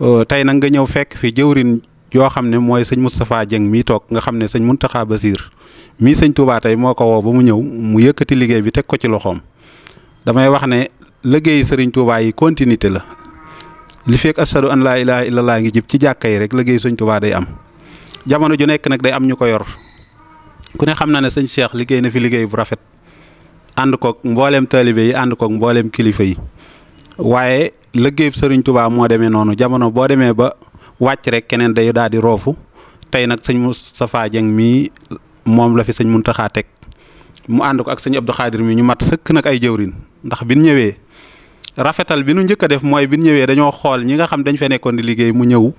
Euh, tey nag nga ñëw fekk fi jëwrin yoo xam ne mooy sëñ Moustapha Dieng mii toog nga xam ne sëñ Mountakha Basir mii sëñ Touba tey moo ko woo ba mu ñëw mu yëkkati liggéey bi teg ko ci loxoom damay wax ne liggéey sëriñ Touba yi continuité la li fekk asadu an laa ilaaha illallah ngi jib ci jàkka yi rek liggéey sëñ Touba day am jamono ju nekk nag day am ñu ko yor ku ne xam na ne sëñ Cheikh liggéey na fi liggéey bu rafet ànd kook mbooleem taalibe yi ànd koog mbooleem kilifa yi liggéeyub sëriñ tubaab moo demee noonu jamono boo demee ba wàcc rek keneen day daal di roofu tey nag sëñ Moustapha Dieng mii moom la fi sëñ Mountakha teg mu ànd ko ak sëñ Abdou Khadir mi ñu mat sëkk nag ay jëwrin ndax bi ñu ñëwee rafetal bi nu njëkk def mooy bi ñu ñëwee dañoo xool ñi nga xam dañ fee nekkoon di liggéey mu ñëw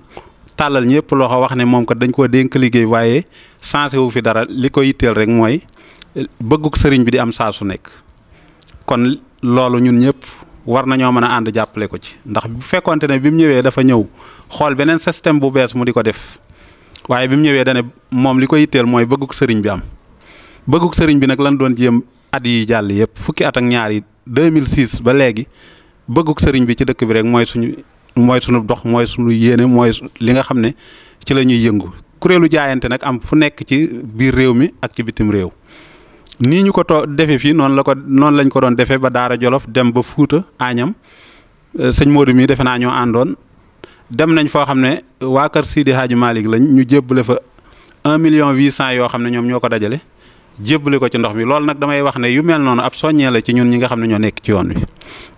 tàllal ñëpp loxo wax ne moom ko dañ koo dénk liggéey waaye sensé wu fi dara li ko yitteel rek mooy bëgguk sëriñ bi di am saa su nekk kon loolu ñun ñëpp. war nañoo mën a ànd jàppale ko ci ndax bu fekkonte ne bi mu ñëwee dafa ñëw xool beneen système bu bees mu di ko def waaye bi mu ñëwee dane moom li ko yitteel mooy bëgguk sëriñ bi am bëgguk sëriñ bi nag lan doon jéem at yi jàll yëpp fukki at ak ñaar yi 2006 ba léegi bëgguk sëriñ bi ci dëkk bi rek mooy suñu mooy suñu dox mooy suñu yéene mooy li nga xam ne ci la ñuy yëngu kuréelu jaayante nag am fu nekk ci biir réew mi ak ci bitim réew nii ñu ko too defee fii noonu la ko noonu lañ ko doon defee ba Daara Jolof dem ba Fuuta Añam euh, sëñ Modou mii defe naa ñoo àndoon dem nañ foo xam ne waa kër Sidi Hadji Malick lañ ñu jébbale fa un million huit cent yoo xam ne ñoom ñoo ko dajale jébbale ko ci ndox mi loolu nag damay wax ne yu mel noonu ab soññee la ci ñun ñi nga xam ne ñoo nekk ci yoon wi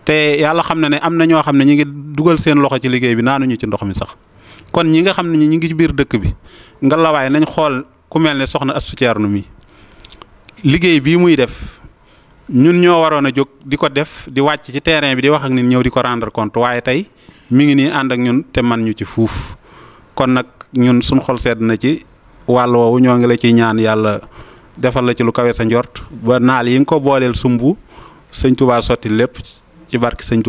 te yàlla xam na ne am na ñoo xam ne ñi ngi dugal seen loxo ci liggéey bi naanuñu ci ndox mi sax kon ñi nga xam ne ñi ngi ci biir dëkk bi nga lawaay nañ xool ku mel ne soxna Astu Ceerno mi liggéey bii muy def ñun ñoo waroon a jóg di ko def di wàcc ci terrain bi di wax ak nit ñëw di ko rendre compte waaye tey mi ngi nii ànd ak ñun te man ñu ci fuuf kon nag ñun suñ xol sedd na ci wàll woowu ñoo ngi la ciy ñaan yàlla defal la ci lu kawe sa njort ba naal yi nga ko booleel sumbu sëñ Touba sotti lépp ci barki sëñ